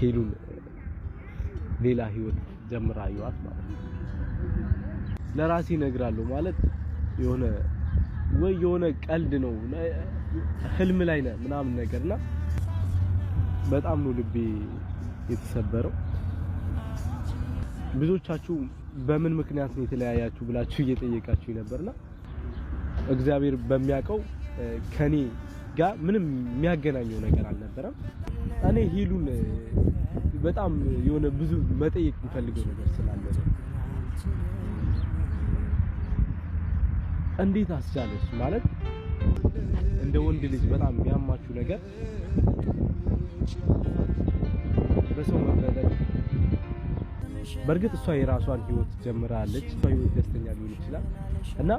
ሄሉን ሌላ ህይወት ጀምራ አየኋት ማለት ነው። ለራሴ እነግራለሁ ማለት የሆነ ወይ የሆነ ቀልድ ነው ህልም ላይ ነው ምናምን ነገርና በጣም ነው ልቤ የተሰበረው። ብዙዎቻችሁ በምን ምክንያት ነው የተለያያችሁ ብላችሁ እየጠየቃችሁ ነበርና እግዚአብሔር በሚያውቀው ከኔ ጋር ምንም የሚያገናኘው ነገር አልነበረም። እኔ ሂሉን በጣም የሆነ ብዙ መጠየቅ የምፈልገው ነገር ስላለ እንዴት አስቻለሽ? ማለት እንደ ወንድ ልጅ በጣም የሚያማችሁ ነገር በሰው መበደል። በእርግጥ እሷ የራሷን ህይወት ጀምራለች። እሷ ህይወት ደስተኛ ሊሆን ይችላል እና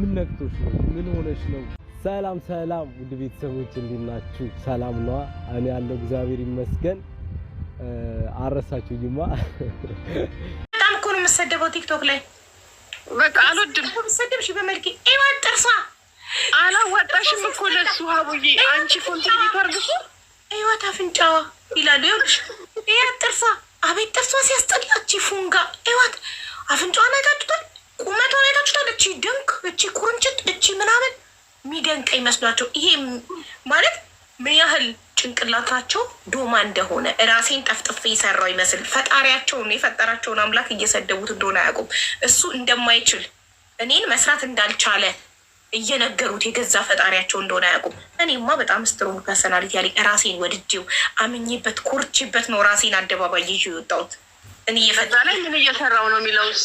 ምን ነክቶሽ ነው? ምን ሆነሽ ነው? ሰላም ሰላም፣ ውድ ቤተሰቦች እንዴት ናችሁ? ሰላም ነዋ። እኔ ያለው እግዚአብሔር ይመስገን። አረሳችሁኝማ። በጣም እኮ ነው የምሰደበው ቲክቶክ ላይ በቃ አልወድም። ሰደብሽ በመልኬ ይዋት ጥርሷ አላዋጣሽም እኮ ለሱ ሀቡዬ፣ አንቺ ኮንትሪቢዩት አርግሱ ይዋት አፍንጫዋ ይላሉ። ይኸውልሽ ይዋት ጥርሷ፣ አቤት ጥርሷ ሲያስጠላች ፉንጋ ይዋት አፍንጫዋን አይታችሁታል? ቁመቷን አይታችሁታል? እቺ ድንክ፣ እቺ ቁርንጭት፣ እቺ ምናምን የሚደንቀኝ መስሏቸው ይሄ ማለት ምን ያህል ጭንቅላታቸው ዶማ እንደሆነ ራሴን ጠፍጥፍ የሰራው ይመስል ፈጣሪያቸውን የፈጠራቸውን አምላክ እየሰደቡት እንደሆነ አያውቁም። እሱ እንደማይችል እኔን መስራት እንዳልቻለ እየነገሩት የገዛ ፈጣሪያቸው እንደሆነ አያውቁም። እኔማ በጣም ስትሮንግ ፐርሰናሊቲ ያለኝ ራሴን ወድጄው አምኜበት ኮርቼበት ነው ራሴን አደባባይ ይዤ የወጣሁት እኔ እየፈጣ ላይ ምን እየሰራው ነው የሚለውስ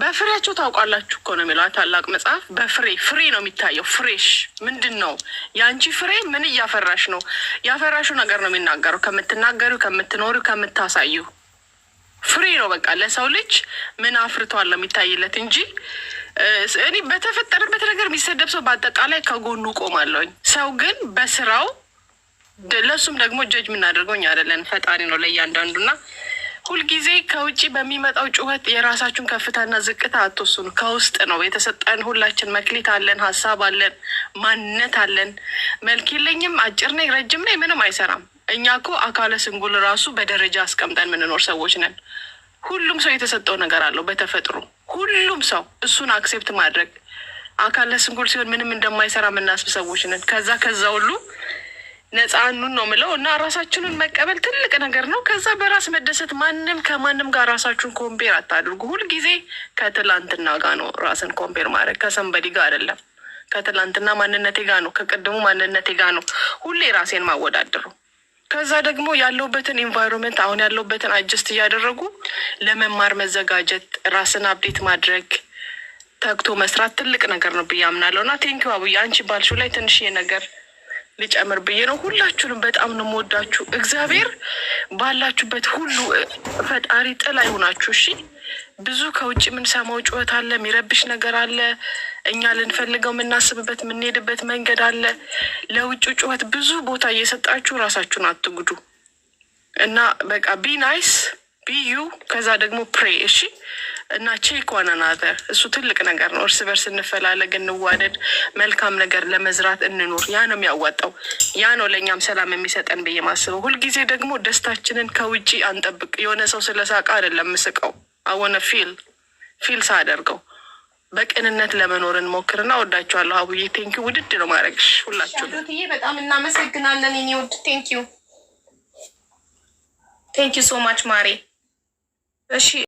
በፍሬያቸው ታውቃላችሁ እኮ ነው የሚለው ታላቅ መጽሐፍ። በፍሬ ፍሬ ነው የሚታየው። ፍሬሽ ምንድን ነው? የአንቺ ፍሬ ምን እያፈራሽ ነው? ያፈራሹ ነገር ነው የሚናገረው። ከምትናገሩ ከምትኖሩ ከምታሳዩ ፍሬ ነው። በቃ ለሰው ልጅ ምን አፍርቷል ነው የሚታይለት እንጂ እኔ በተፈጠረበት ነገር የሚሰደብ ሰው በአጠቃላይ ከጎኑ ቆማለሁኝ። ሰው ግን በስራው ለእሱም ደግሞ ጀጅ የምናደርገው እኛ አይደለን፣ ፈጣሪ ነው ለእያንዳንዱና ሁልጊዜ ከውጭ በሚመጣው ጩኸት የራሳችሁን ከፍታና ዝቅታ አትወስኑ። ከውስጥ ነው የተሰጠን። ሁላችን መክሊት አለን፣ ሀሳብ አለን፣ ማንነት አለን። መልክ የለኝም፣ አጭር ነኝ፣ ረጅም ነኝ ምንም አይሰራም። እኛ እኮ አካለ ስንጉል ራሱ በደረጃ አስቀምጠን የምንኖር ሰዎች ነን። ሁሉም ሰው የተሰጠው ነገር አለው በተፈጥሮ ሁሉም ሰው እሱን አክሴፕት ማድረግ አካለ ስንጉል ሲሆን ምንም እንደማይሰራ የምናስብ ሰዎች ነን። ከዛ ከዛ ሁሉ ኑን ነው ምለው እና ራሳችንን መቀበል ትልቅ ነገር ነው። ከዛ በራስ መደሰት። ማንም ከማንም ጋር ራሳችሁን ኮምፔር አታድርጉ። ሁልጊዜ ከትላንትና ጋር ነው ራስን ኮምፔር ማድረግ፣ ከሰንበዲ ጋር አይደለም። ከትላንትና ማንነቴ ጋር ነው፣ ከቅድሙ ማንነቴ ጋር ነው ሁሌ ራሴን ማወዳደሩ። ከዛ ደግሞ ያለውበትን ኢንቫይሮንመንት አሁን ያለውበትን አጀስት እያደረጉ ለመማር መዘጋጀት፣ ራስን አብዴት ማድረግ ተግቶ መስራት ትልቅ ነገር ነው ብዬ አምናለሁ እና ቴንኪዋ ብዬ አንቺ ባልሹ ላይ ትንሽዬ ነገር ልጨምር ብዬ ነው። ሁላችሁንም በጣም ነው የምወዳችሁ። እግዚአብሔር ባላችሁበት ሁሉ ፈጣሪ ጥላ ይሆናችሁ። እሺ፣ ብዙ ከውጭ የምንሰማው ጩኸት አለ፣ የሚረብሽ ነገር አለ፣ እኛ ልንፈልገው የምናስብበት የምንሄድበት መንገድ አለ። ለውጭ ጩኸት ብዙ ቦታ እየሰጣችሁ ራሳችሁን አትጉዱ እና በቃ ቢ ናይስ ቢዩ ከዛ ደግሞ ፕሬ እሺ። እና ቼክ ዋን አናዘር እሱ ትልቅ ነገር ነው። እርስ በርስ እንፈላለግ፣ እንዋደድ፣ መልካም ነገር ለመዝራት እንኖር። ያ ነው የሚያዋጣው፣ ያ ነው ለእኛም ሰላም የሚሰጠን ብዬ ማስበው። ሁልጊዜ ደግሞ ደስታችንን ከውጪ አንጠብቅ። የሆነ ሰው ስለሳቀ አይደለም ምስቀው አወነ ፊል ፊል ሳደርገው በቅንነት ለመኖር እንሞክርና ወዳችኋለሁ። አቡዬ ቴንኪ ውድድ ነው ማድረግሽ። ሁላችሁ በጣም እናመሰግናለን። ኔ ውድ ቴንኪው ቴንኪው ሶ ማች ማሬ እሺ